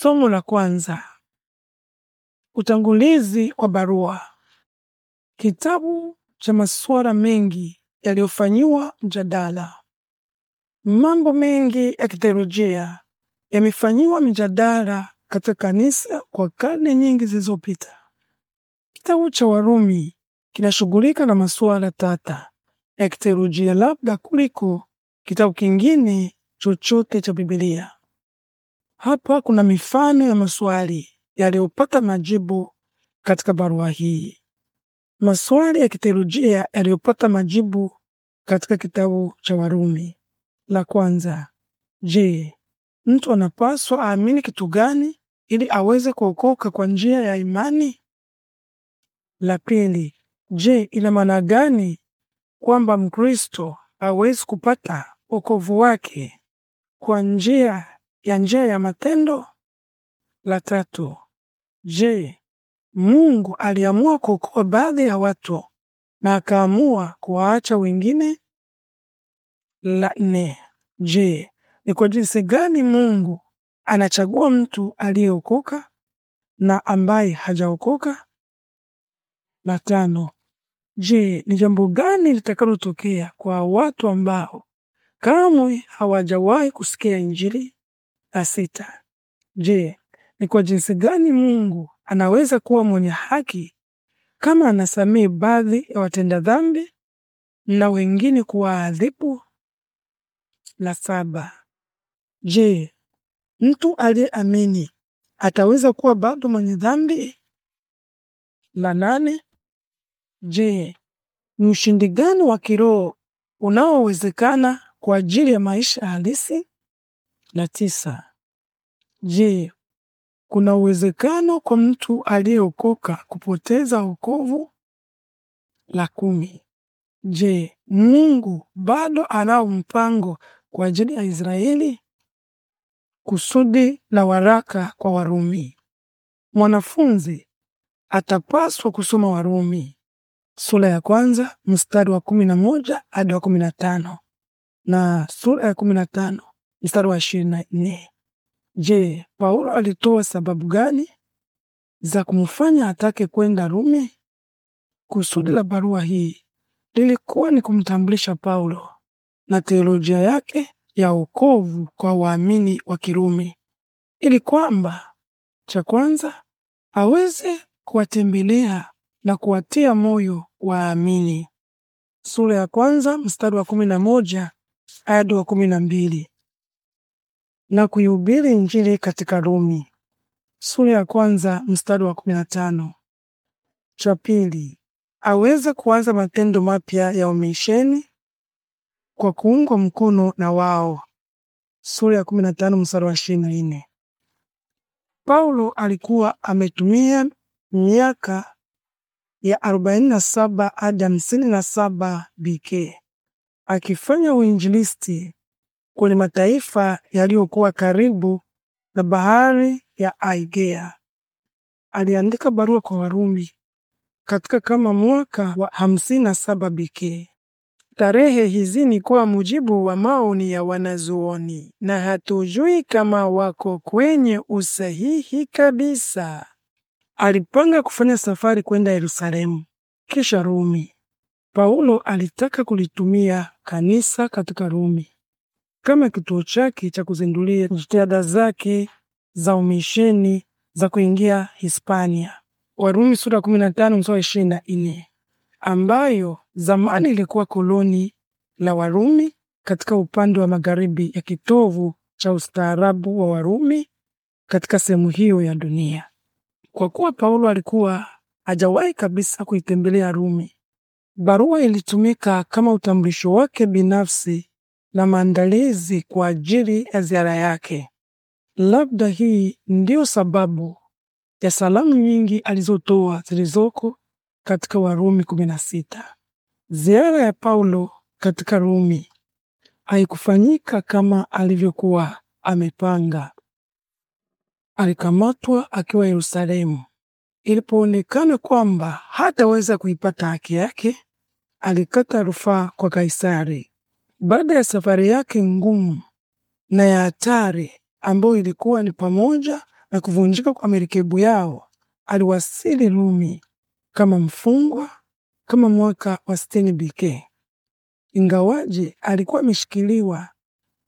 Somo la kwanza: utangulizi wa barua. Kitabu cha masuala mengi yaliyofanyiwa mjadala. Mambo mengi ya kiteolojia yamefanyiwa mjadala katika kanisa kwa karne nyingi zilizopita. Kitabu cha Warumi kinashughulika na masuala tata ya kiteolojia labda kuliko kitabu kingine chochote cha Biblia. Hapa kuna mifano ya maswali yaliyopata majibu katika barua hii. Maswali ya kiteolojia yaliyopata majibu katika kitabu cha Warumi. La kwanza, je, mtu anapaswa aamini kitu gani ili aweze kuokoka kwa njia ya imani? La pili, je, ina maana gani kwamba Mkristo hawezi kupata wokovu wake kwa njia ya njia ya matendo? La tatu, je, Mungu aliamua kuokoa baadhi ya watu na akaamua kuwaacha wengine? La nne, je, ni kwa jinsi gani Mungu anachagua mtu aliyeokoka na ambaye hajaokoka? La tano, je, ni jambo gani litakalotokea kwa watu ambao kamwe hawajawahi kusikia Injili? na sita, je, ni kwa jinsi gani Mungu anaweza kuwa mwenye haki kama anasamehe baadhi ya watenda dhambi na wengine kuwaadhibu? La saba, je, mtu aliyeamini ataweza kuwa bado mwenye dhambi? La nane, je, ni ushindi gani wa kiroho unaowezekana kwa ajili ya maisha halisi? na tisa. Je, kuna uwezekano kwa mtu aliyeokoka kupoteza wokovu? La kumi. Je, Mungu bado anao mpango kwa ajili ya Israeli? Kusudi la waraka kwa Warumi. Mwanafunzi atapaswa kusoma Warumi sura ya kwanza mstari wa kumi na moja hadi wa kumi na tano na sura ya kumi na tano mstari wa ishirini na nne. Je, Paulo alitoa sababu gani za kumfanya atake kwenda Rumi? Kusudi la barua hii lilikuwa ni kumtambulisha Paulo na teolojia yake ya wokovu kwa waamini wa Kirumi, ili kwamba cha kwanza aweze kuwatembelea na kuwatia moyo waamini. Sura ya kwanza mstari wa kumi na moja hadi wa kumi na mbili na kuihubiri Injili katika Rumi sura ya kwanza mstari wa kumi na tano. Cha pili, aweza kuanza matendo mapya ya umisheni kwa kuungwa mkono na wao sura ya 15 mstari wa 24. Paulo alikuwa ametumia miaka ya 47 hadi 57 BK akifanya uinjilisti kwenye mataifa yaliyokuwa karibu na bahari ya Aigea. Aliandika barua kwa Warumi katika kama mwaka wa hamsini na saba BK. Tarehe hizi ni kwa mujibu wa maoni ya wanazuoni na hatujui kama wako kwenye usahihi kabisa. Alipanga kufanya safari kwenda Yerusalemu kisha Rumi. Paulo alitaka kulitumia kanisa katika Rumi kama kituo chake cha kuzindulia jitihada zake za umisheni za kuingia Hispania, Warumi sura ya na mstari ambayo zamani ilikuwa koloni la Warumi katika upande wa magharibi ya kitovu cha ustaarabu wa Warumi katika sehemu hiyo ya dunia. Kwa kuwa Paulo alikuwa hajawahi kabisa kuitembelea Rumi, barua ilitumika kama utambulisho wake binafsi na maandalizi kwa ajili ya ziara yake. Labda hii ndiyo sababu ya salamu nyingi alizotoa zilizoko katika Warumi 16. Ziara ya Paulo katika Rumi haikufanyika kama alivyokuwa amepanga. Alikamatwa akiwa Yerusalemu. Ilipoonekana kwamba hataweza kuipata haki yake, alikata rufaa kwa Kaisari. Baada ya safari yake ngumu na ya hatari ambayo ilikuwa ni pamoja na kuvunjika kwa merikebu yao, aliwasili Rumi kama mfungwa kama mwaka wa sitini BK, Ingawaje alikuwa ameshikiliwa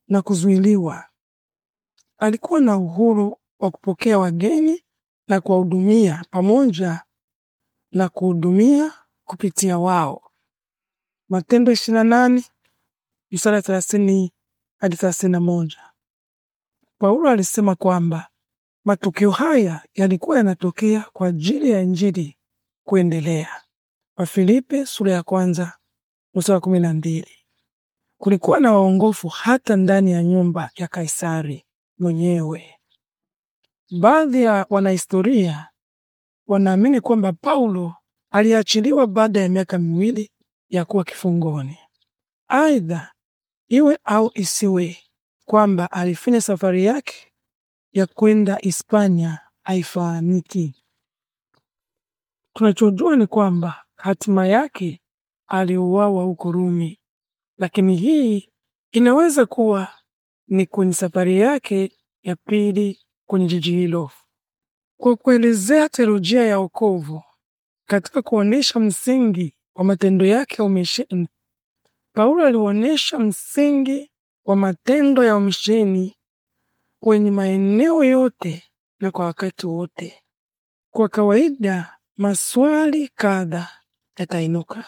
na kuzuiliwa. Alikuwa na uhuru wa kupokea wageni na kuwahudumia pamoja na kuhudumia kupitia wao. Matendo 28 mstari thelathini hadi thelathini na moja. Paulo alisema kwamba matukio haya yalikuwa yanatokea kwa ajili ya injili kuendelea. Wafilipi sura ya kwanza mstari wa kumi na mbili. Kulikuwa na waongofu hata ndani ya nyumba ya Kaisari mwenyewe. Baadhi ya wanahistoria wanaamini kwamba Paulo aliachiliwa baada ya miaka miwili ya kuwa kifungoni. Aidha, iwe au isiwe, kwamba alifanya safari yake ya kwenda Hispania haifahamiki. Tunachojua ni kwamba hatima yake aliuawa huko Rumi, lakini hii inaweza kuwa ni kwenye safari yake ya pili kwenye jiji hilo. Kwa kuelezea teolojia ya wokovu katika kuonesha msingi wa matendo yake umeshinda, Paulo alionyesha msingi wa matendo ya umisheni kwenye maeneo yote na kwa wakati wote. Kwa kawaida, maswali kadha yatainuka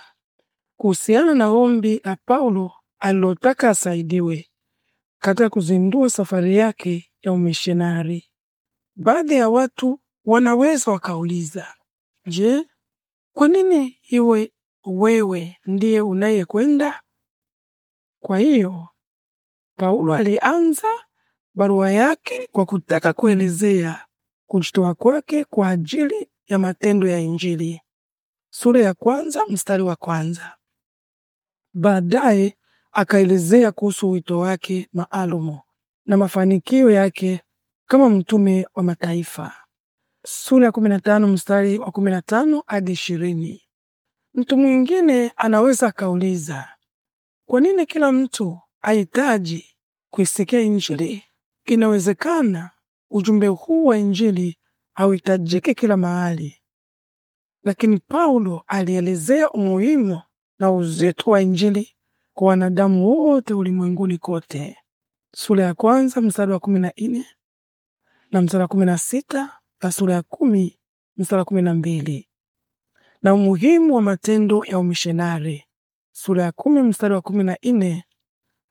kuhusiana na ombi la Paulo alilotaka asaidiwe katika kuzindua safari yake ya umishenari. Baadhi ya watu wanaweza wakauliza, je, kwa nini iwe wewe ndiye unayekwenda? Kwa hiyo Paulo alianza barua yake kwa kutaka kuelezea kujitoa kwake kwa ajili ya matendo ya Injili, sura ya kwanza mstari wa kwanza. Baadaye akaelezea kuhusu wito wake maalumu na mafanikio yake kama mtume wa mataifa, sura ya 15 mstari wa 15 hadi 20. Mtu mwingine anaweza akauliza, kwa nini kila mtu ahitaji kuisikia Injili? Inawezekana ujumbe huu wa Injili hauhitajiki kila mahali, lakini Paulo alielezea umuhimu na uzito wa Injili kwa wanadamu wote ulimwenguni kote. Sura ya kwanza mstari wa kumi na nne na mstari wa kumi na sita na sura ya kumi mstari wa kumi na mbili na umuhimu wa matendo ya umishenari sura ya kumi mstari wa kumi na nne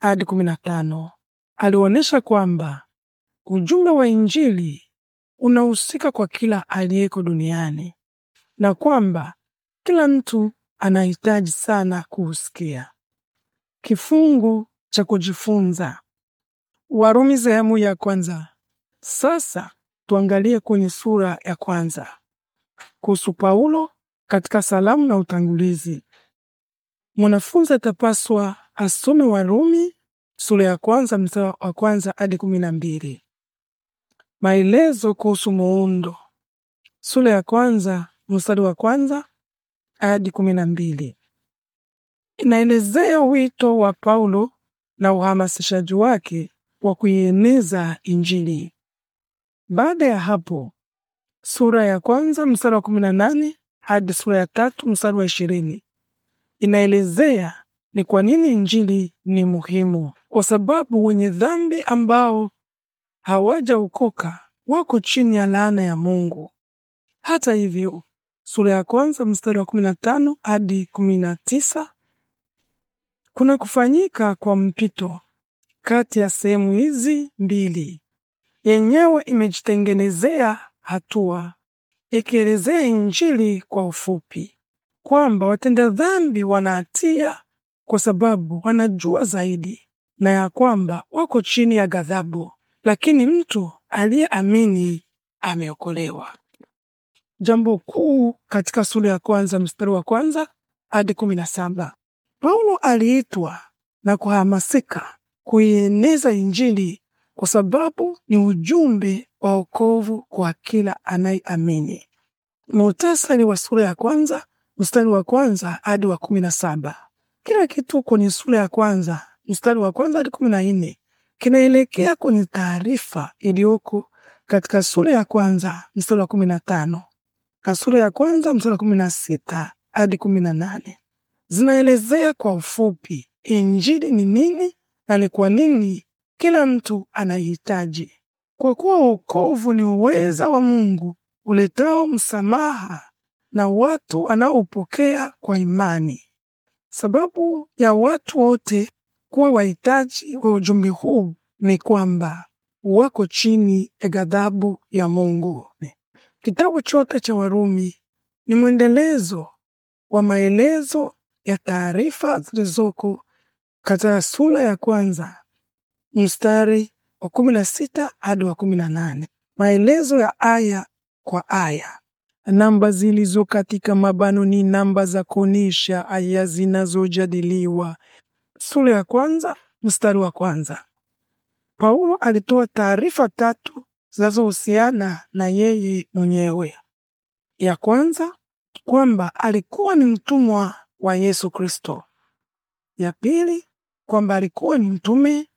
hadi kumi na tano alionyesha kwamba ujumbe wa Injili unahusika kwa kila aliyeko duniani na kwamba kila mtu anahitaji sana kuusikia. Kifungu cha kujifunza Warumi sehemu ya kwanza. Sasa tuangalie kwenye sura ya kwanza kuhusu Paulo katika salamu na utangulizi. Mwanafunzi atapaswa asome Warumi sura ya kwanza mstari wa kwanza hadi kumi na mbili. Maelezo kuhusu muundo sura ya kwanza mstari wa kwanza hadi kumi na mbili inaelezea wito wa Paulo na uhamasishaji wake wa kuieneza Injili. Baada ya hapo, sura ya kwanza mstari wa 18 hadi sura ya tatu mstari wa ishirini inaelezea ni kwa nini injili ni muhimu. Kwa sababu wenye dhambi ambao hawajaokoka wako chini ya laana ya Mungu. Hata hivyo, sura ya kwanza mstari wa 15 hadi 19 kuna kufanyika kwa mpito kati ya sehemu hizi mbili. Yenyewe imejitengenezea hatua ikielezea injili kwa ufupi kwamba watenda dhambi wana hatia kwa sababu wanajua zaidi na ya kwamba wako chini ya ghadhabu, lakini mtu aliyeamini ameokolewa. Jambo kuu katika sura ya kwanza mstari wa kwanza hadi kumi na saba Paulo aliitwa na kuhamasika kuieneza Injili kwa sababu ni ujumbe wa wokovu kwa kila anayeamini. Muhtasari wa sura ya kwanza mstari wa kwanza hadi wa kumi na saba. Kila kitu kwenye sura ya kwanza mstari wa kwanza hadi kumi na nne kinaelekea kwenye taarifa iliyoko katika sura ya kwanza mstari wa kumi na tano na sura ya kwanza mstari wa kumi na sita hadi kumi na nane zinaelezea kwa ufupi injili ni nini na ni kwa nini kila mtu anahitaji. Kwa kuwa wokovu ni uweza wa Mungu uletao msamaha na watu anaopokea kwa imani. Sababu ya watu wote kuwa wahitaji wa ujumbe huu ni kwamba wako chini ya ghadhabu ya Mungu. Kitabu chote cha Warumi ni mwendelezo wa maelezo ya taarifa zilizoko katika sura ya kwanza mstari wa kumi na sita hadi wa kumi na nane maelezo ya aya kwa aya. Namba zilizo katika mabano ni namba za kuonesha aya zinazojadiliwa. Sura ya kwanza mstari wa kwanza. Paulo alitoa taarifa tatu zinazohusiana na yeye mwenyewe. Ya kwanza, kwamba alikuwa ni mtumwa wa Yesu Kristo. Ya pili, kwamba alikuwa ni mtume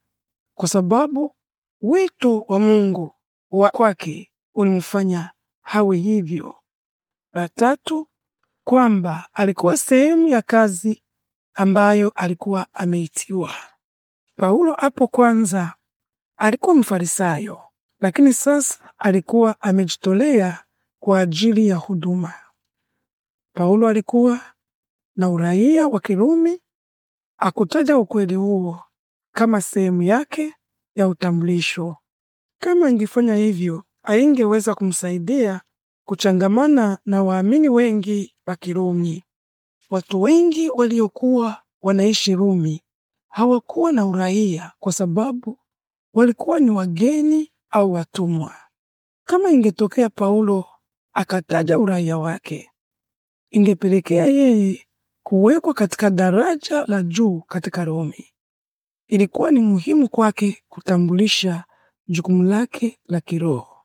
kwa sababu wito wa Mungu wa kwake ulimfanya hawe hivyo. La tatu kwamba alikuwa sehemu ya kazi ambayo alikuwa ameitiwa. Paulo hapo kwanza alikuwa Mfarisayo, lakini sasa alikuwa amejitolea kwa ajili ya huduma. Paulo alikuwa na uraia wa Kirumi. Akutaja ukweli huo kama sehemu yake ya utambulisho. Kama ingefanya hivyo, aingeweza kumsaidia kuchangamana na waamini wengi wa Kirumi. Watu wengi waliokuwa wanaishi Rumi hawakuwa na uraia kwa sababu walikuwa ni wageni au watumwa. Kama ingetokea Paulo akataja uraia wake, ingepelekea yeye kuwekwa katika daraja la juu katika Rumi. Ilikuwa ni muhimu kwake kutambulisha jukumu lake la kiroho.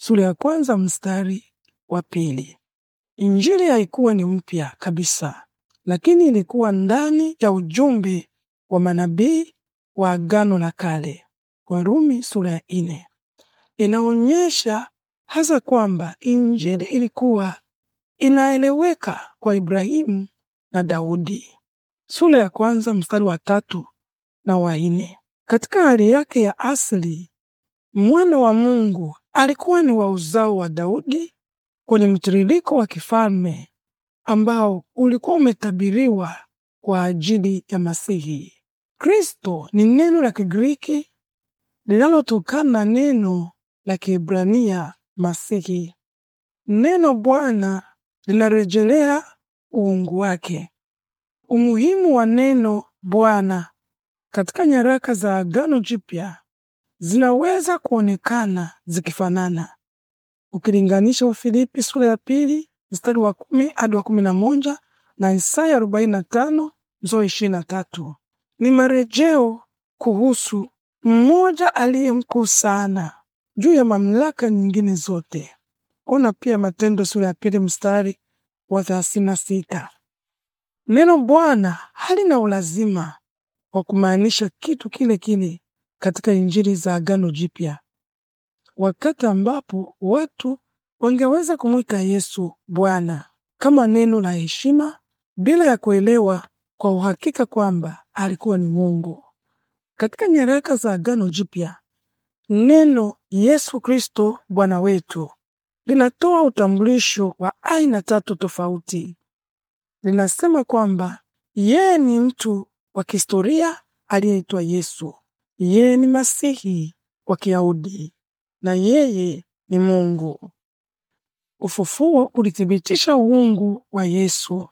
Sura ya kwanza mstari wa pili. Injili haikuwa ni mpya kabisa, lakini ilikuwa ndani ya ujumbe wa manabii wa Agano la Kale. Warumi sura ya nne inaonyesha hasa kwamba injili ilikuwa inaeleweka kwa Ibrahimu na Daudi. Sura ya kwanza mstari wa tatu na wa nne. Katika hali yake ya asili, mwana wa Mungu alikuwa ni wa uzao wa Daudi kwenye mtiririko wa kifalme ambao ulikuwa umetabiriwa kwa ajili ya Masihi. Kristo ni neno la Kigiriki linalotokana na neno la Kiebrania Masihi. Neno Bwana linarejelea uungu wake. Umuhimu wa neno Bwana katika nyaraka za Agano Jipya zinaweza kuonekana zikifanana ukilinganisha Wafilipi sura ya pili mstari wa kumi hadi wa kumi na moja na Isaya arobaini na tano mstari ishirini na tatu Ni marejeo kuhusu mmoja aliye mkuu sana juu ya mamlaka nyingine zote. Ona pia Matendo sura ya pili mstari wa thelathini na sita. Neno Bwana halina ulazima wa kumaanisha kitu kile kile katika Injili za Agano Jipya wakati ambapo watu wangeweza kumwita Yesu Bwana kama neno la heshima bila ya kuelewa kwa uhakika kwamba alikuwa ni Mungu. Katika nyaraka za Agano Jipya, neno Yesu Kristo Bwana wetu linatoa utambulisho wa aina tatu tofauti. Linasema kwamba yeye ni mtu wa kihistoria aliyeitwa Yesu, yeye ni Masihi wa Kiyahudi, na yeye ni Mungu. Ufufuo ulithibitisha uungu wa Yesu.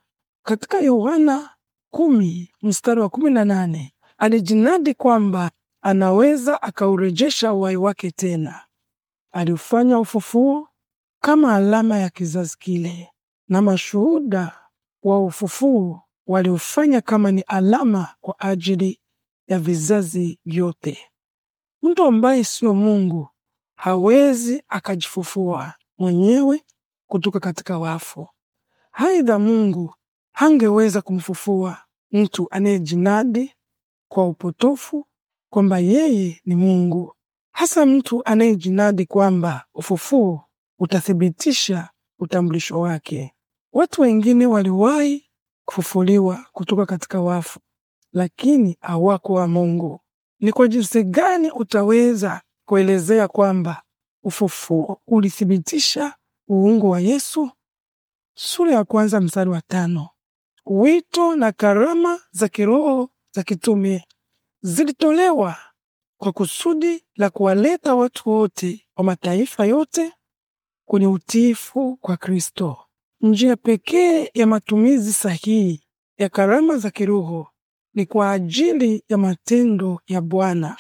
Katika Yohana kumi mstari wa kumi na nane alijinadi kwamba anaweza akaurejesha uhai wake tena. Aliufanya ufufuo kama alama ya kizazi kile, na mashuhuda wa ufufuo waliufanya kama ni alama kwa ajili ya vizazi vyote. Mtu ambaye siyo Mungu hawezi akajifufua mwenyewe kutoka katika wafu. Aidha, Mungu hangeweza kumfufua mtu anayejinadi kwa upotofu kwamba yeye ni Mungu, hasa mtu anayejinadi kwamba ufufuo utathibitisha utambulisho wake. Watu wengine waliwahi kufufuliwa kutoka katika wafu, lakini hawakuwa Mungu. Ni kwa jinsi gani utaweza kuelezea kwamba ufufuo ulithibitisha uungu wa Yesu. Sura ya kwanza mstari wa tano. Wito na karama za kiroho za kitume zilitolewa kwa kusudi la kuwaleta watu wote wa mataifa yote kwenye utiifu kwa Kristo. Njia pekee ya matumizi sahihi ya karama za kiroho ni kwa ajili ya matendo ya Bwana.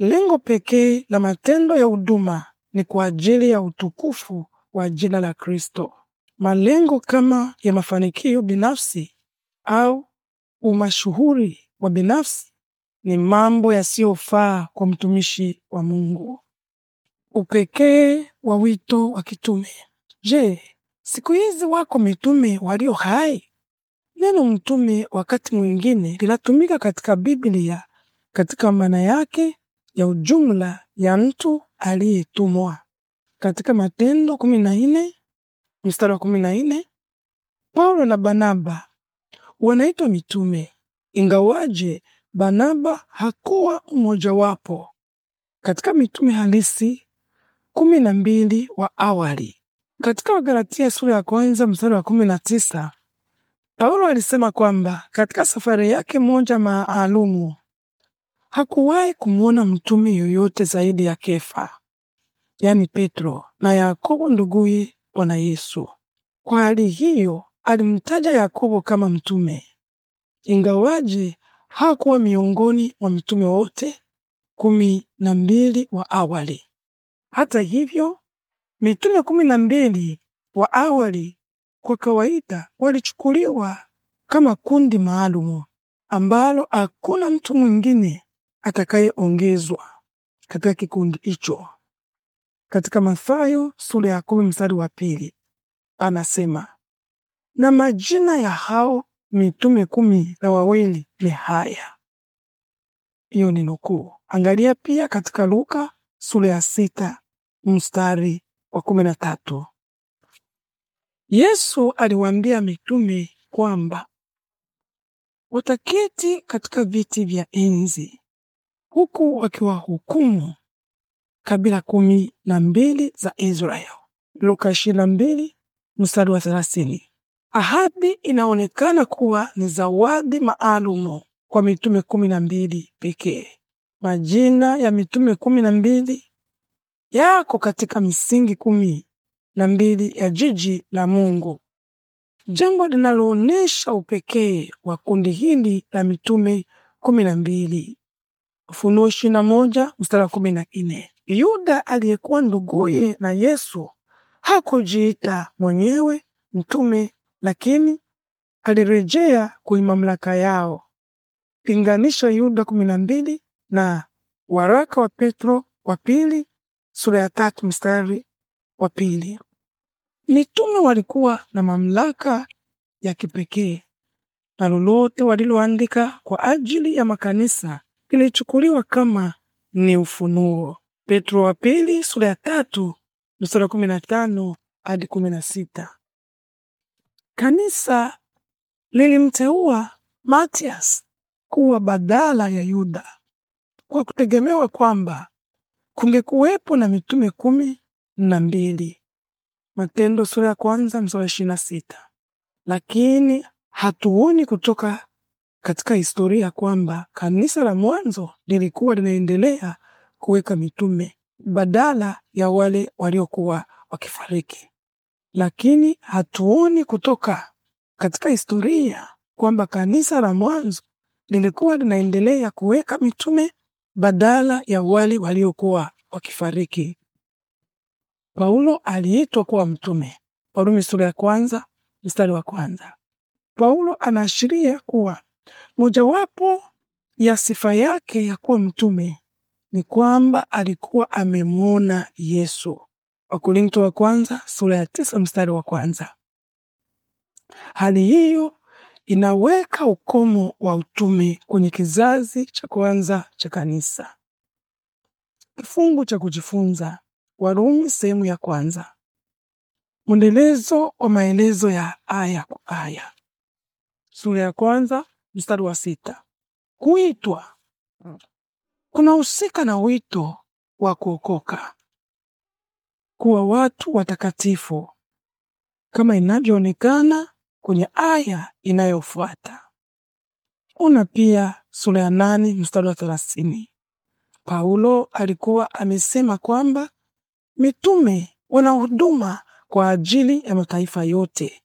Lengo pekee la matendo ya huduma ni kwa ajili ya utukufu wa jina la Kristo. Malengo kama ya mafanikio binafsi au umashuhuri wa binafsi ni mambo yasiyofaa kwa mtumishi wa Mungu. Upekee wa wito wa kitume. Je, siku hizi wako mitume walio hai? Neno mtume wakati mwingine linatumika katika Biblia katika maana yake ya ujumla ya mtu aliyetumwa katika Matendo 14 mstari wa 14, Paulo na Barnaba wanaitwa mitume, ingawaje Barnaba hakuwa mmojawapo katika mitume halisi kumi na mbili wa awali. Katika Wagalatia sura ya kwanza mstari wa kumi na tisa Paulo alisema kwamba katika safari yake moja maalumu hakuwahi kumwona mtume yoyote zaidi ya Kefa, yaani Petro na Yakobo nduguye Bwana Yesu. Kwa hali hiyo alimtaja Yakobo kama mtume, ingawaje hakuwa miongoni mwa mitume wote kumi na mbili wa awali. Hata hivyo, mitume kumi na mbili wa awali kwa kawaida walichukuliwa kama kundi maalumu ambalo hakuna mtu mwingine atakayeongezwa katika kikundi hicho. Katika Mathayo sura ya kumi mstari wa pili anasema, na majina ya hao mitume kumi na wawili ni haya. Hiyo ni nukuu. Angalia pia katika Luka sura ya sita mstari wa kumi na tatu Yesu aliwaambia mitume kwamba wataketi katika viti vya enzi huku wakiwahukumu kabila kumi na mbili za Israeli. Luka 22 mstari wa 30. Ahadi inaonekana kuwa ni zawadi maalumu kwa mitume kumi na mbili pekee. Majina ya mitume kumi na mbili yako katika misingi kumi na mbili ya jiji la Mungu, jambo linaloonyesha upekee wa kundi hili la mitume kumi na mbili. Ufunuo ishirini na moja mstari wa kumi na nne. Yuda aliyekuwa nduguye na Yesu hakujiita mwenyewe mtume, lakini alirejea kwenye mamlaka yao. Linganisha Yuda kumi na mbili na waraka wa Petro wa pili sura ya tatu mstari wa pili. Mitume walikuwa na mamlaka ya kipekee na lolote waliloandika kwa ajili ya makanisa kilichukuliwa kama ni ufunuo. Petro wa pili sura ya tatu mstari kumi na tano hadi kumi na sita. Kanisa lilimteua Matias kuwa badala ya Yuda kwa kutegemewa kwamba kungekuwepo na mitume kumi na mbili. Matendo sura ya kwanza mstari wa ishirini na sita. Lakini hatuoni kutoka katika historia kwamba kanisa la mwanzo lilikuwa linaendelea kuweka mitume badala ya wale waliokuwa wakifariki, lakini hatuoni kutoka katika historia kwamba kanisa la mwanzo lilikuwa linaendelea kuweka mitume badala ya wale waliokuwa wakifariki. Paulo aliitwa kuwa mtume, Warumi sura ya kwanza mstari wa kwanza. Paulo anaashiria kuwa Mojawapo ya sifa yake ya kuwa mtume ni kwamba alikuwa amemwona Yesu. Wakorintho wa kwanza sura ya tisa mstari wa kwanza. Hali hiyo inaweka ukomo wa utume kwenye kizazi cha kwanza cha kanisa. Kifungu cha kujifunza Warumi sehemu ya kwanza. Mwendelezo wa maelezo ya aya kwa aya. Sura ya kwanza mstari wa sita. Kuitwa mm. kunahusika na wito wa kuokoka, kuwa watu watakatifu kama inavyoonekana kwenye aya inayofuata. Una pia sura ya nane mstari wa thelathini. Paulo alikuwa amesema kwamba mitume wana huduma kwa ajili ya mataifa yote,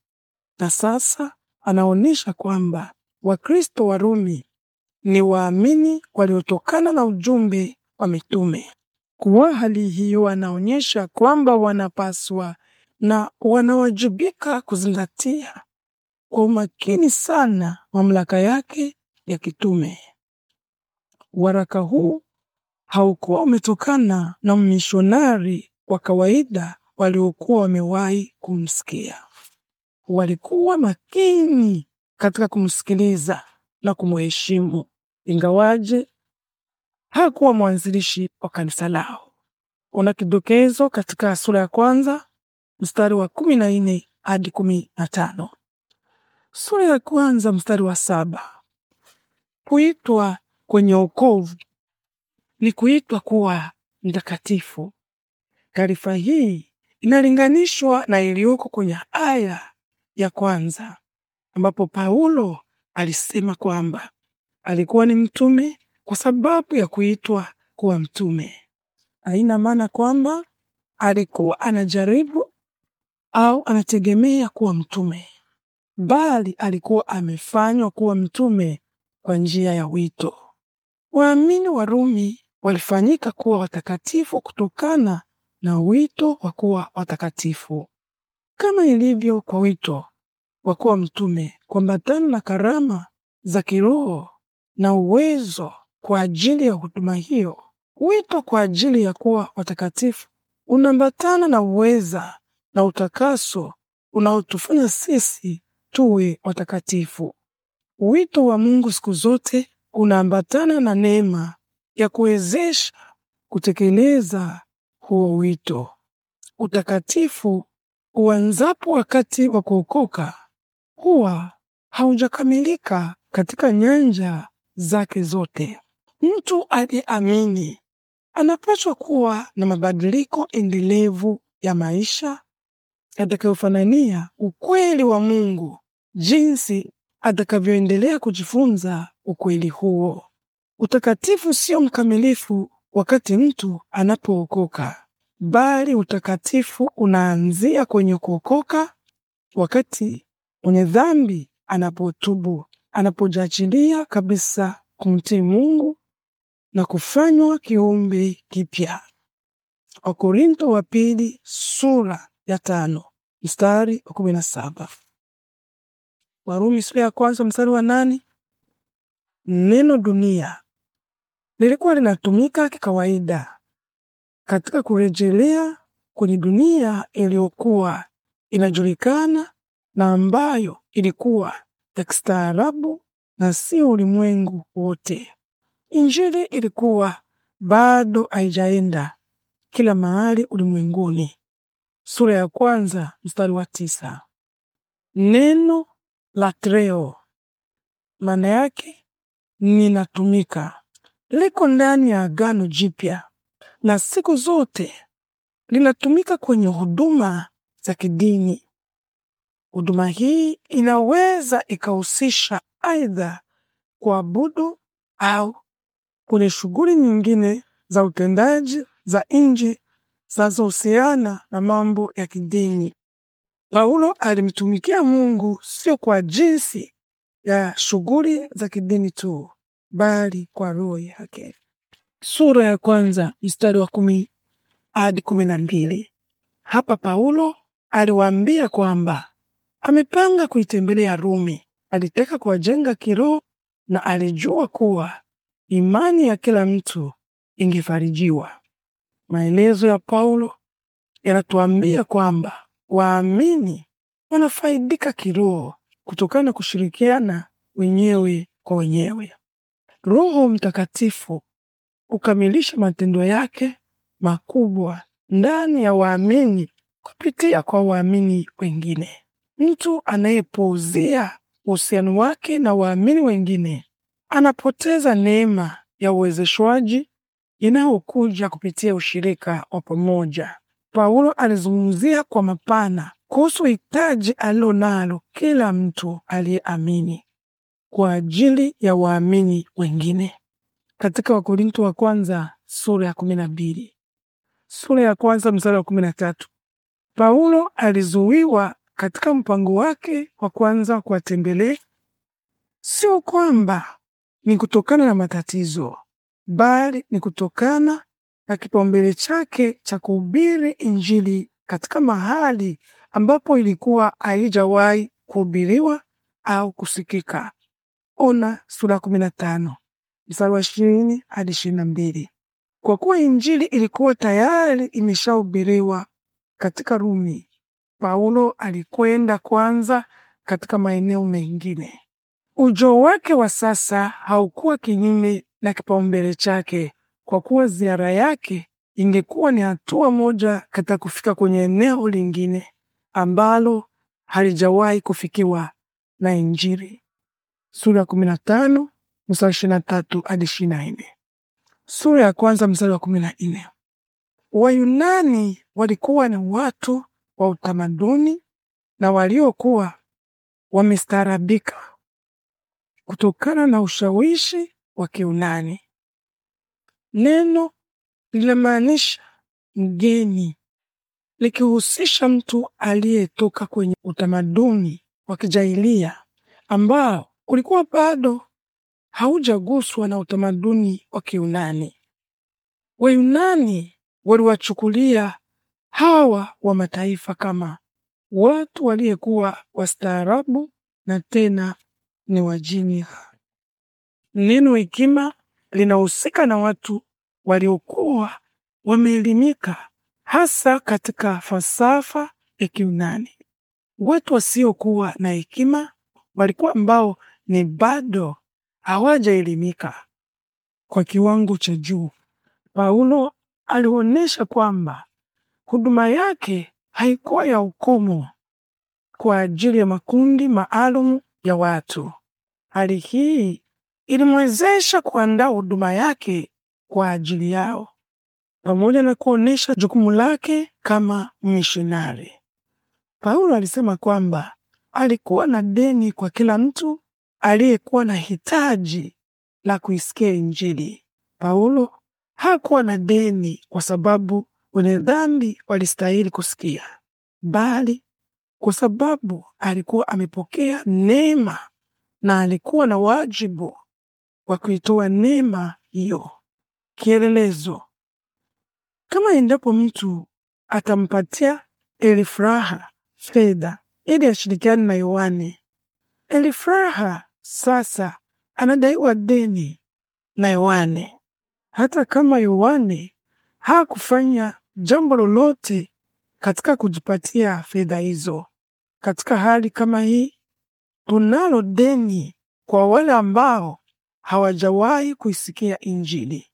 na sasa anaonyesha kwamba Wakristo wa Rumi ni waamini waliotokana na ujumbe wa mitume. Kwa hali hiyo, wanaonyesha kwamba wanapaswa na wanawajibika kuzingatia kwa umakini sana mamlaka yake ya kitume. Waraka huu haukuwa umetokana na mishonari wa kawaida waliokuwa wamewahi kumsikia. Walikuwa makini katika kumsikiliza na kumheshimu, ingawaje hakuwa mwanzilishi wa kanisa lao. Una kidokezo katika sura ya kwanza mstari wa kumi na nne hadi kumi na tano. Sura ya kwanza mstari wa saba. Kuitwa kwenye okovu ni kuitwa kuwa mtakatifu. Taarifa hii inalinganishwa na iliyoko kwenye aya ya kwanza ambapo Paulo alisema kwamba alikuwa ni mtume kwa sababu ya kuitwa kuwa mtume. Haina maana kwamba alikuwa anajaribu au anategemea kuwa mtume, bali alikuwa amefanywa kuwa mtume kwa njia ya wito. Waamini wa Rumi walifanyika kuwa watakatifu kutokana na wito wa kuwa watakatifu, kama ilivyo kwa wito wa kuwa mtume, kuambatana na karama za kiroho na uwezo kwa ajili ya huduma hiyo. Wito kwa ajili ya kuwa watakatifu unaambatana na uweza na utakaso unaotufanya sisi tuwe watakatifu. Wito wa Mungu siku zote unaambatana na neema ya kuwezesha kutekeleza huo wito. Utakatifu uanzapo wakati wa kuokoka huwa haujakamilika katika nyanja zake zote. Mtu aliyeamini anapaswa kuwa na mabadiliko endelevu ya maisha atakayofanania ukweli wa Mungu, jinsi atakavyoendelea kujifunza ukweli huo. Utakatifu sio mkamilifu wakati mtu anapookoka, bali utakatifu unaanzia kwenye kuokoka wakati mwenye dhambi anapotubu, anapojiachilia kabisa kumtii Mungu na kufanywa kiumbe kipya. Wakorinto wa pili sura ya tano mstari wa kumi na saba Warumi sura ya kwanza mstari wa nane Neno dunia lilikuwa linatumika kikawaida katika kurejelea kwenye dunia iliyokuwa inajulikana na ambayo ilikuwa ya kistaarabu na si ulimwengu wote. Injili ilikuwa bado haijaenda kila mahali ulimwenguni. Sura ya kwanza mstari wa tisa. Neno latreo maana yake ninatumika, liko ndani ya Agano Jipya na siku zote linatumika kwenye huduma za kidini Huduma hii inaweza ikahusisha aidha kuabudu au kwenye shughuli nyingine za utendaji za nje zinazohusiana na mambo ya kidini. Paulo alimtumikia Mungu sio kwa jinsi ya shughuli za kidini tu, bali kwa roho yake. Sura ya kwanza mstari wa kumi hadi kumi na mbili. Hapa Paulo aliwaambia kwamba amepanga kuitembelea Rumi. Alitaka kuwajenga kiroho na alijua kuwa imani ya kila mtu ingefarijiwa. Maelezo ya Paulo yanatuambia kwamba waamini wanafaidika kiroho kutokana na kushirikiana wenyewe kwa wenyewe. Roho Mtakatifu ukamilisha matendo yake makubwa ndani ya waamini kupitia kwa waamini wengine. Mtu anayepuuzia uhusiano wake na waamini wengine anapoteza neema ya uwezeshwaji inayokuja kupitia ushirika wa pamoja. Paulo alizungumzia kwa mapana kuhusu hitaji alilonalo kila mtu aliyeamini kwa ajili ya waamini wengine katika Wakorinto wa kwanza sura ya kumi na mbili sura ya kwanza mstari wa kumi na tatu Paulo alizuiwa katika mpango wake wa kwanza kuwatembelea, sio kwamba ni kutokana na matatizo, bali ni kutokana na kipaumbele chake cha kuhubiri Injili katika mahali ambapo ilikuwa haijawahi kuhubiriwa au kusikika. Ona sura 15 mstari wa 20 hadi 22. Kwa kuwa Injili ilikuwa tayari imeshahubiriwa katika Rumi, Paulo alikwenda kwanza katika maeneo mengine. Ujio wake wa sasa haukuwa kinyume na kipaumbele chake, kwa kuwa ziara yake ingekuwa ni hatua moja katika kufika kwenye eneo lingine ambalo halijawahi kufikiwa na Injili. Sura ya 15 mstari 23 hadi 24. Sura ya kwanza mstari wa 14. Wayunani walikuwa ni watu wa utamaduni na waliokuwa wamestaarabika kutokana na ushawishi wa Kiunani. Neno linamaanisha mgeni, likihusisha mtu aliyetoka kwenye utamaduni wa kijailia ambao ulikuwa bado haujaguswa na utamaduni wa Kiunani. Wayunani waliwachukulia hawa wa mataifa kama watu waliyekuwa wastaarabu na tena ni wajini. Neno hekima linahusika na watu waliokuwa wameelimika hasa katika falsafa ya Kiunani. Watu wasiokuwa na hekima walikuwa ambao ni bado hawajaelimika kwa kiwango cha juu. Paulo alionyesha kwamba Huduma yake haikuwa ya ukomo kwa ajili ya makundi maalum ya watu. Hali hii ilimwezesha kuandaa huduma yake kwa ajili yao pamoja na kuonesha jukumu lake kama mishonari. Paulo alisema kwamba alikuwa na deni kwa kila mtu aliyekuwa na hitaji la kuisikia Injili. Paulo hakuwa na deni kwa sababu wenye dhambi walistahili kusikia, bali kwa sababu alikuwa amepokea neema na alikuwa na wajibu wa kuitoa neema hiyo. Kielelezo: kama endapo mtu atampatia elifuraha fedha ili ashirikiane na Yohane, elifuraha sasa anadaiwa deni na Yohane, hata kama Yohane hakufanya jambo lolote katika kujipatia fedha hizo. Katika hali kama hii, tunalo deni kwa wale ambao hawajawahi kuisikia Injili,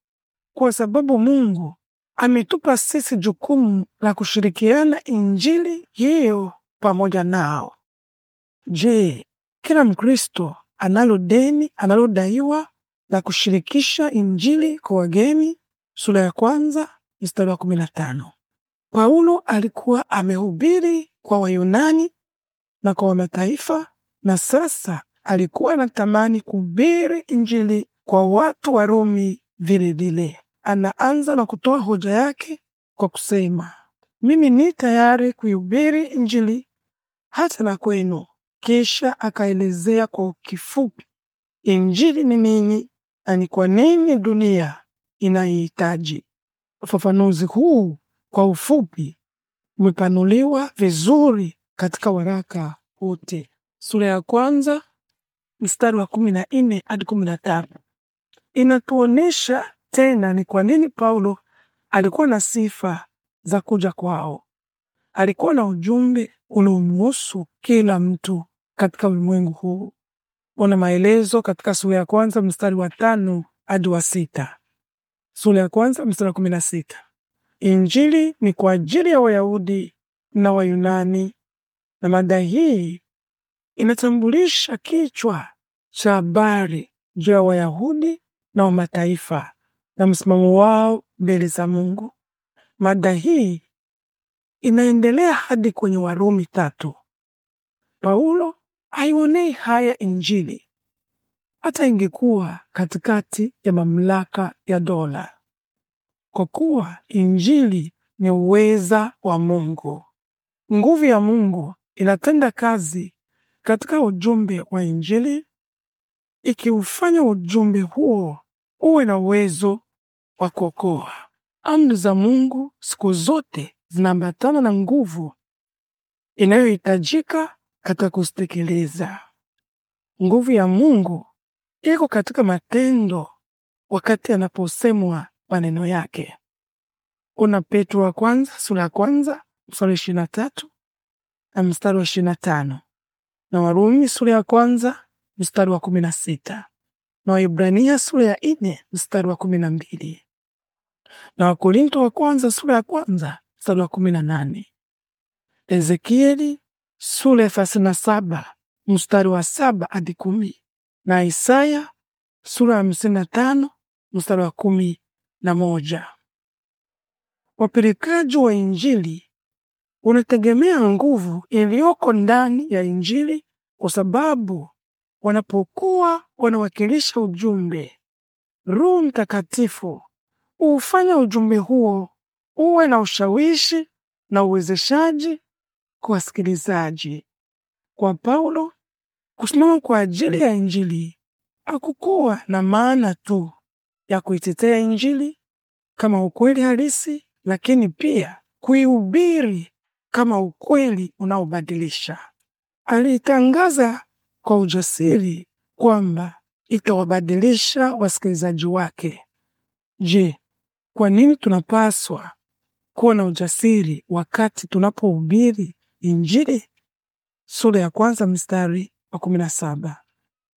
kwa sababu Mungu ametupa sisi jukumu la kushirikiana Injili hiyo pamoja nao. Je, kila Mkristo analo deni analodaiwa la kushirikisha Injili kwa wageni? Sura ya kwanza mstari wa kumi na tano. Paulo alikuwa amehubiri kwa Wayunani na kwa wamataifa, na sasa alikuwa anatamani kuhubiri Injili kwa watu wa Rumi vilevile Anaanza na kutoa hoja yake kwa kusema, mimi ni tayari kuihubiri Injili hata na kwenu. Kisha akaelezea kwa kifupi Injili ni nini na ni kwa nini dunia inaihitaji. Ufafanuzi huu kwa ufupi umepanuliwa vizuri katika waraka wote, sura ya kwanza mstari wa kumi na nne hadi kumi na tano. inatuonyesha tena ni kwa nini Paulo alikuwa na sifa za kuja kwao. Alikuwa na ujumbe uliomuhusu kila mtu katika ulimwengu huu. Ona maelezo katika sura ya kwanza mstari wa tano hadi wa sita sura ya kwanza mstari kumi na sita. Injili ni kwa ajili ya Wayahudi na Wayunani, na mada hii inatambulisha kichwa cha habari juu ya Wayahudi na wamataifa na msimamo wao mbele za Mungu. Mada hii inaendelea hadi kwenye Warumi tatu. Paulo haionei haya Injili hata ingekuwa katikati ya mamlaka ya dola, kwa kuwa injili ni uweza wa Mungu. Nguvu ya Mungu inatenda kazi katika ujumbe wa injili, ikiufanya ujumbe huo uwe na uwezo wa kuokoa. Amri za Mungu siku zote zinaambatana na nguvu inayohitajika katika kustekeleza. Nguvu ya Mungu iko katika matendo wakati anaposemwa maneno yake. una Petro wa kwanza sura ya kwanza mstari ishirini na tatu na mstari wa ishirini na tano na Warumi sura ya kwanza mstari wa kumi na sita na Waibrania sura ya nne mstari wa kumi na mbili na Wakorinto wa kwanza sura ya kwanza mstari wa kumi na nane Ezekieli sura ya thelathini na saba mstari wa saba hadi kumi na Isaya sura ya hamsini na tano mstari wa kumi na moja. Wapelekaji wa Injili wanategemea nguvu iliyoko ndani ya Injili kwa sababu wanapokuwa wanawakilisha ujumbe, Roho Mtakatifu uufanya ujumbe huo uwe na ushawishi na uwezeshaji kwa wasikilizaji. Kwa Paulo Kusimama kwa ajili ya Injili hakukuwa na maana tu ya kuitetea Injili kama ukweli halisi, lakini pia kuihubiri kama ukweli unaobadilisha. Alitangaza kwa ujasiri kwamba itawabadilisha wasikilizaji wake. Je, kwa nini tunapaswa kuwa na ujasiri wakati tunapohubiri Injili? Sura ya kwanza mstari wa kumi na saba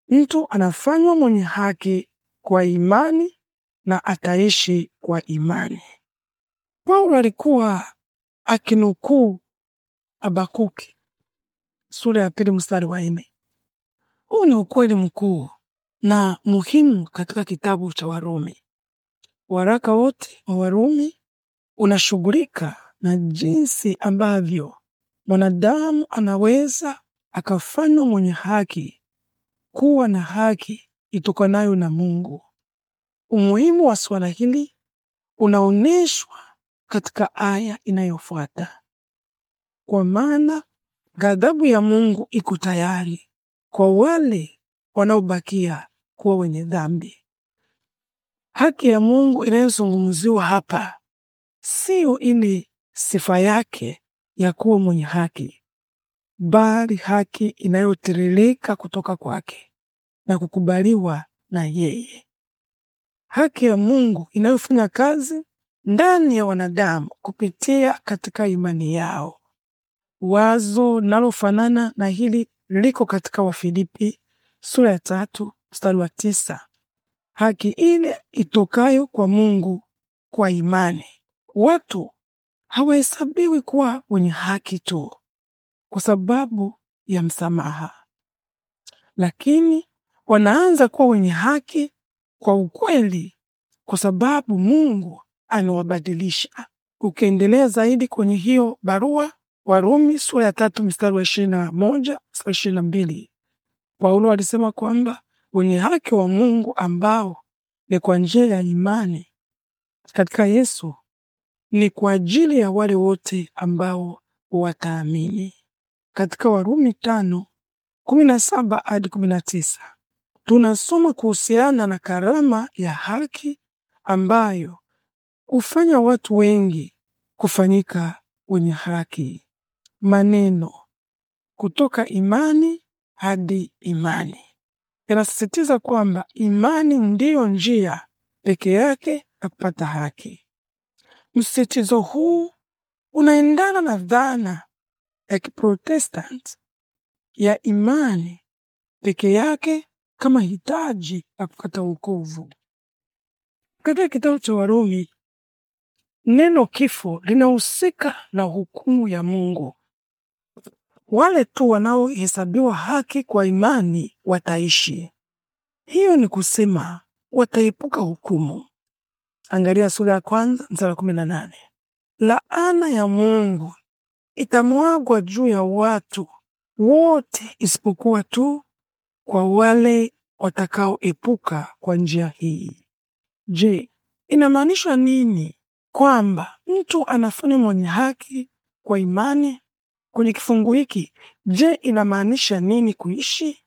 mtu anafanywa mwenye haki kwa imani na ataishi kwa imani. Paulo alikuwa akinukuu Habakuki sura ya pili mstari wa nne. Huu ni ukweli mkuu na muhimu katika kitabu cha Warumi. Waraka wote wa Warumi unashughulika na jinsi ambavyo mwanadamu anaweza akafanywa mwenye haki kuwa na haki itokanayo na Mungu. Umuhimu wa swala hili unaonyeshwa katika aya inayofuata, kwa maana ghadhabu ya Mungu iko tayari kwa wale wanaobakia kuwa wenye dhambi. Haki ya Mungu inayozungumziwa hapa siyo ile sifa yake ya kuwa mwenye haki, bali haki inayotiririka kutoka kwake na kukubaliwa na yeye. Haki ya Mungu inayofanya kazi ndani ya wanadamu kupitia katika imani yao. Wazo nalofanana na hili liko katika Wafilipi sura ya tatu mstari wa tisa. Haki ile itokayo kwa Mungu kwa imani, watu hawahesabiwi kuwa wenye haki tu, kwa sababu ya msamaha, lakini wanaanza kuwa wenye haki kwa ukweli kwa sababu Mungu amewabadilisha. Ukiendelea zaidi kwenye hiyo barua, Warumi sura ya tatu mstari wa ishirini na moja mstari ishirini na mbili Paulo alisema kwamba wenye haki wa Mungu ambao ni kwa njia ya imani katika Yesu ni kwa ajili ya wale wote ambao wataamini katika Warumi tano kumi na saba hadi kumi na tisa tunasoma kuhusiana na karama ya haki ambayo hufanya watu wengi kufanyika wenye haki. Maneno kutoka imani hadi imani yanasisitiza kwamba imani ndiyo njia peke yake ya kupata haki. Msisitizo huu unaendana na dhana ya Kiprotestanti ya imani peke yake kama hitaji la kupata wokovu. Katika kitabu cha Warumi, neno kifo linahusika na hukumu ya Mungu. Wale tu wanaohesabiwa haki kwa imani wataishi. Hiyo ni kusema wataepuka hukumu. Angalia sura ya kwanza mstari 18. Laana ya Mungu itamwagwa juu ya watu wote isipokuwa tu kwa wale watakaoepuka kwa njia hii. Je, inamaanisha nini kwamba mtu anafanya mwenye haki kwa imani kwenye kifungu hiki? Je, inamaanisha nini kuishi?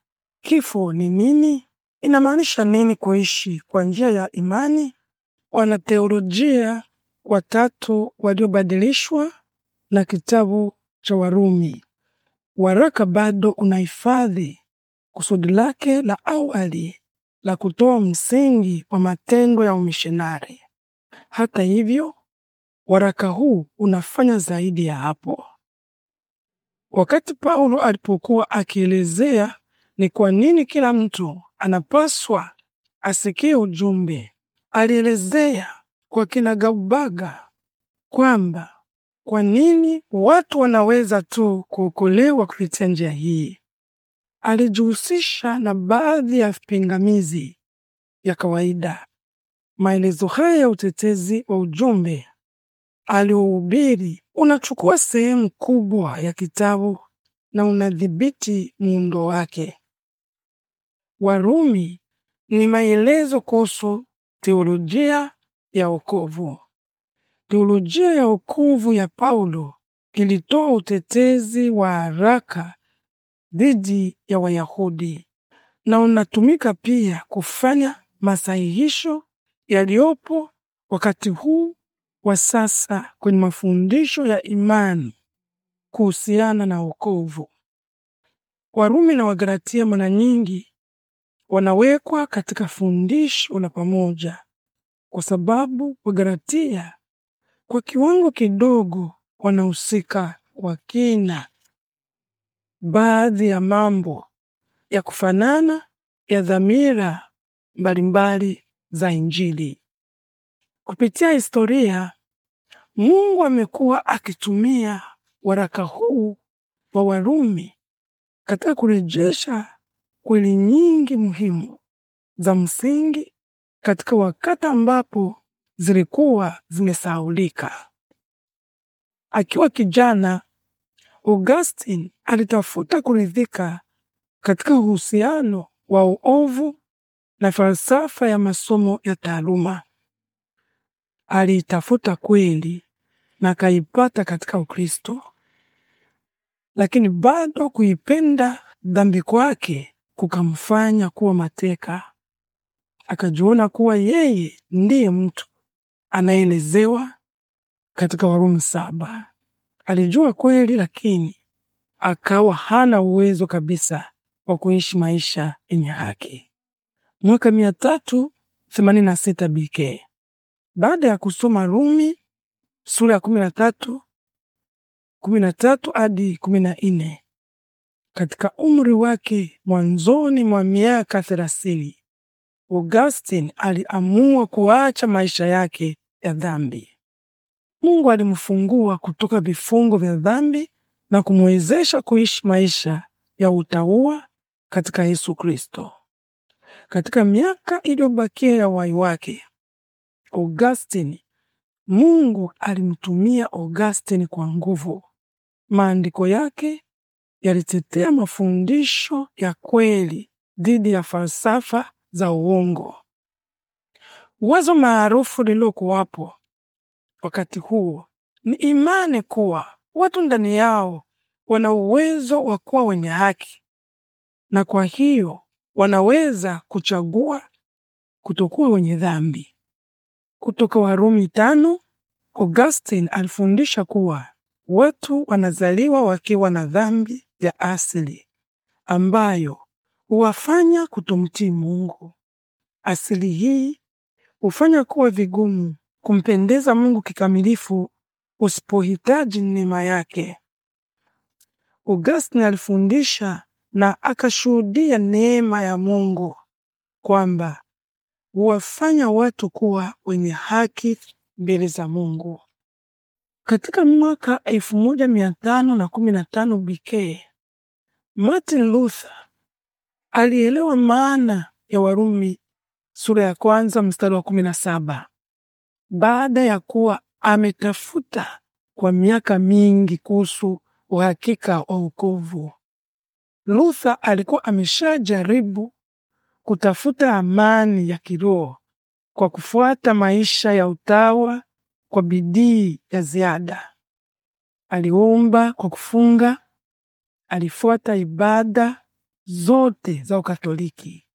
Kifo ni nini? Inamaanisha nini kuishi kwa njia ya imani? Wanateolojia watatu waliobadilishwa la kitabu cha Warumi. Waraka bado unahifadhi kusudi lake la awali la kutoa msingi wa matendo ya umishonari. Hata hivyo, waraka huu unafanya zaidi ya hapo. Wakati Paulo alipokuwa akielezea ni kwa nini kila mtu anapaswa asikie ujumbe, alielezea kwa kinagaubaga kwamba kwa nini watu wanaweza tu kuokolewa kupitia njia hii? Alijihusisha na baadhi ya vipingamizi vya kawaida. Maelezo haya ya utetezi wa ujumbe aliohubiri unachukua sehemu kubwa ya kitabu na unadhibiti muundo wake. Warumi ni maelezo kuhusu teolojia ya wokovu. Teolojia ya wokovu ya Paulo ilitoa utetezi wa haraka dhidi ya Wayahudi na unatumika pia kufanya masahihisho yaliyopo wakati huu wa sasa kwenye mafundisho ya imani kuhusiana na wokovu. Warumi na Wagalatia mara nyingi wanawekwa katika fundisho la pamoja kwa sababu Wagalatia kwa kiwango kidogo wanahusika kwa kina baadhi ya mambo ya kufanana ya dhamira mbalimbali za Injili. Kupitia historia, Mungu amekuwa akitumia waraka huu wa Warumi katika kurejesha kweli nyingi muhimu za msingi katika wakati ambapo zilikuwa zimesahaulika. Akiwa kijana, Augustine alitafuta kuridhika katika uhusiano wa uovu na falsafa ya masomo ya taaluma. Aliitafuta kweli na akaipata katika Ukristo, lakini bado kuipenda dhambi kwake kukamfanya kuwa mateka. Akajiona kuwa yeye ndiye mtu anaelezewa katika Warumi saba. Alijua kweli, lakini akawa hana uwezo kabisa wa kuishi maisha yenye haki. Mwaka mia tatu themanini na sita BK, baada ya kusoma Rumi sura ya kumi na tatu kumi na tatu hadi kumi na nne katika umri wake mwanzoni mwa miaka thelathini Augustine aliamua kuacha maisha yake ya dhambi. Mungu alimfungua kutoka vifungo vya dhambi na kumwezesha kuishi maisha ya utauwa katika Yesu Kristo. Katika miaka iliyobakia ya uhai wake, Augustine, Mungu alimtumia Augustine kwa nguvu. Maandiko yake yalitetea mafundisho ya kweli dhidi ya falsafa za uongo. Wazo maarufu lililokuwapo wakati huo ni imani kuwa watu ndani yao wana uwezo wa kuwa wenye haki na kwa hiyo wanaweza kuchagua kutokuwa wenye dhambi. Kutoka Warumi tano, Augustine alifundisha kuwa watu wanazaliwa wakiwa na dhambi ya asili ambayo huwafanya kutomtii Mungu. Asili hii hufanya kuwa vigumu kumpendeza Mungu kikamilifu usipohitaji neema yake. Augustine alifundisha na akashuhudia neema ya Mungu kwamba huwafanya watu kuwa wenye haki mbele za Mungu. Katika mwaka 1515 BK Martin Luther alielewa maana ya Warumi sura ya kwanza mstari wa kumi na saba baada ya kuwa ametafuta kwa miaka mingi kuhusu uhakika wa wokovu. Luther alikuwa ameshajaribu kutafuta amani ya kiroho kwa kufuata maisha ya utawa kwa bidii ya ziada. Aliomba kwa kufunga, alifuata ibada zote za Ukatoliki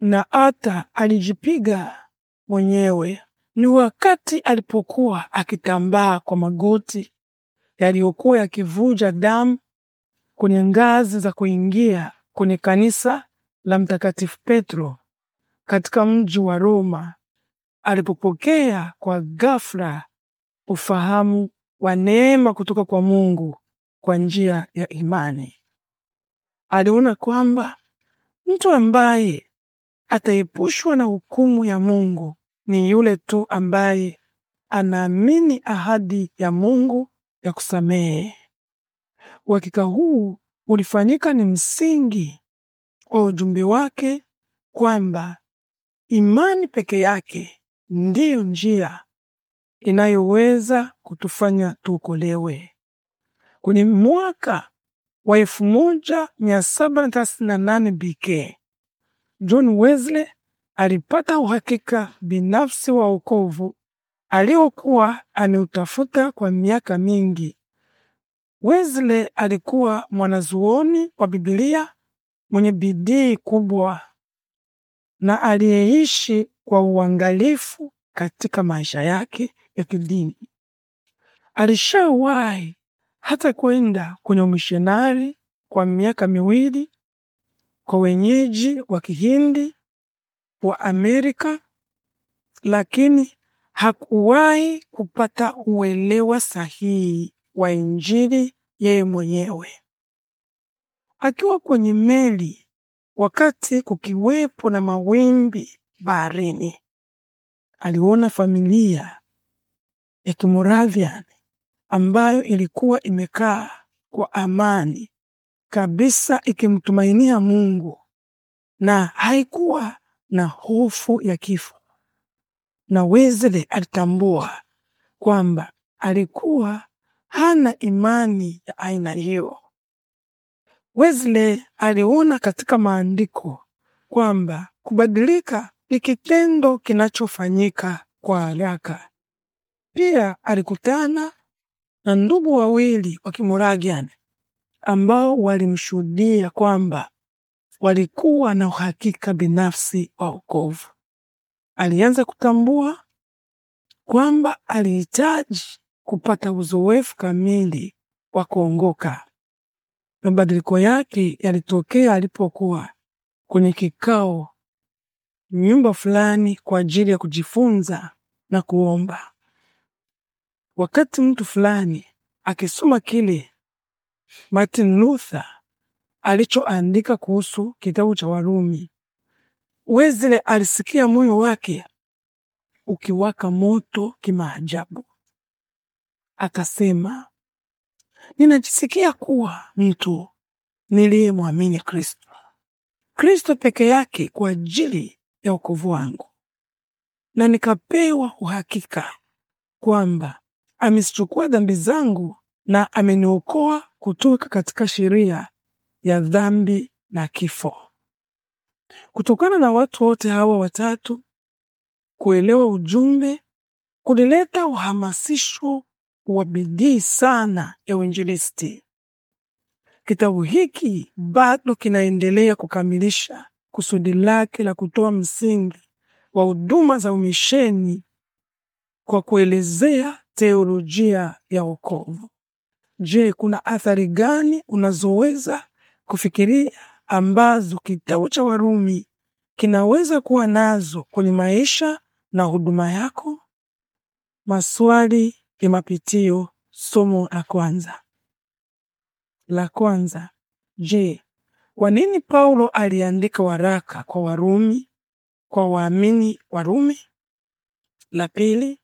na hata alijipiga mwenyewe. Ni wakati alipokuwa akitambaa kwa magoti yaliyokuwa yakivuja damu kwenye ngazi za kuingia kwenye kanisa la Mtakatifu Petro katika mji wa Roma, alipopokea kwa ghafla ufahamu wa neema kutoka kwa Mungu kwa njia ya imani aliona kwamba mtu ambaye ataepushwa na hukumu ya Mungu ni yule tu ambaye anaamini ahadi ya Mungu ya kusamehe. Uhakika huu ulifanyika ni msingi wa ujumbe wake kwamba imani peke yake ndiyo njia inayoweza kutufanya tuokolewe. Kwenye mwaka wa 1738 BK. John Wesley alipata uhakika binafsi wa wokovu aliokuwa ameutafuta kwa miaka mingi. Wesley alikuwa mwanazuoni wa Biblia mwenye bidii kubwa na aliyeishi kwa uangalifu katika maisha yake ya kidini. Alishawahi hata kwenda kwenye umishonari kwa miaka miwili kwa wenyeji wa Kihindi wa Amerika, lakini hakuwahi kupata uelewa sahihi wa Injili yeye mwenyewe. Akiwa kwenye meli wakati kukiwepo na mawimbi baharini, aliona familia ya Kimoravian yaani ambayo ilikuwa imekaa kwa amani kabisa ikimtumainia Mungu na haikuwa na hofu ya kifo. Na Wesley alitambua kwamba alikuwa hana imani ya aina hiyo. Wesley aliona katika maandiko kwamba kubadilika ni kitendo kinachofanyika kwa haraka. Pia alikutana na ndugu wawili wa Kimuragian ambao walimshuhudia kwamba walikuwa na uhakika binafsi wa wokovu. Alianza kutambua kwamba alihitaji kupata uzoefu kamili wa kuongoka. Mabadiliko yake yalitokea alipokuwa kwenye kikao nyumba fulani kwa ajili ya kujifunza na kuomba. Wakati mtu fulani akisoma kile Martin Luther alichoandika kuhusu kitabu cha Warumi, Wesley alisikia moyo wake ukiwaka moto kimaajabu. Akasema, ninajisikia kuwa mtu niliyemwamini Kristo, Kristo peke yake kwa ajili ya wokovu wangu, na nikapewa uhakika kwamba amezichukua dhambi zangu na ameniokoa kutoka katika sheria ya dhambi na kifo. Kutokana na watu wote hawa watatu kuelewa ujumbe, kulileta uhamasisho wa bidii sana ya uinjilisti. Kitabu hiki bado kinaendelea kukamilisha kusudi lake la kutoa msingi wa huduma za umisheni kwa kuelezea teolojia ya wokovu. Je, kuna athari gani unazoweza kufikiria ambazo kitabu cha Warumi kinaweza kuwa nazo kwenye maisha na huduma yako? Maswali ya mapitio, somo la kwanza. La kwanza, je, kwa nini Paulo aliandika waraka kwa Warumi kwa waamini Warumi? La pili,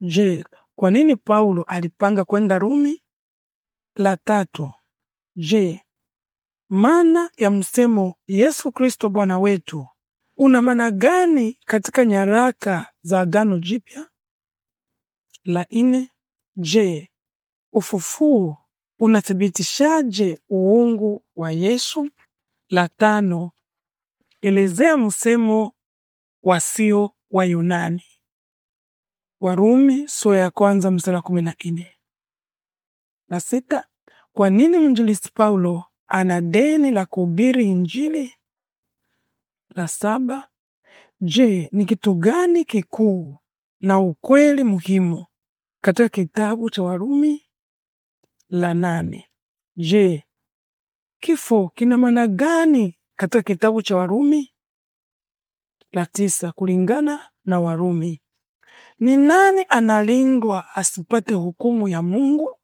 je, kwa nini Paulo alipanga kwenda Rumi? La tatu, je, maana ya msemo Yesu Kristo Bwana wetu una maana gani katika nyaraka za Agano Jipya? La ine, je, ufufuo unathibitishaje uungu wa Yesu? La tano, elezea msemo wasio wa Yunani. Warumi sura ya kwanza mstari kumi na nne na sita. Kwa nini mjilisi Paulo ana deni la kuhubiri Injili? La saba. Je, ni kitu gani kikuu na ukweli muhimu katika kitabu cha Warumi? La nane. Je, kifo kina maana gani katika kitabu cha Warumi? La tisa, kulingana na Warumi ni nani analindwa asipate hukumu ya Mungu?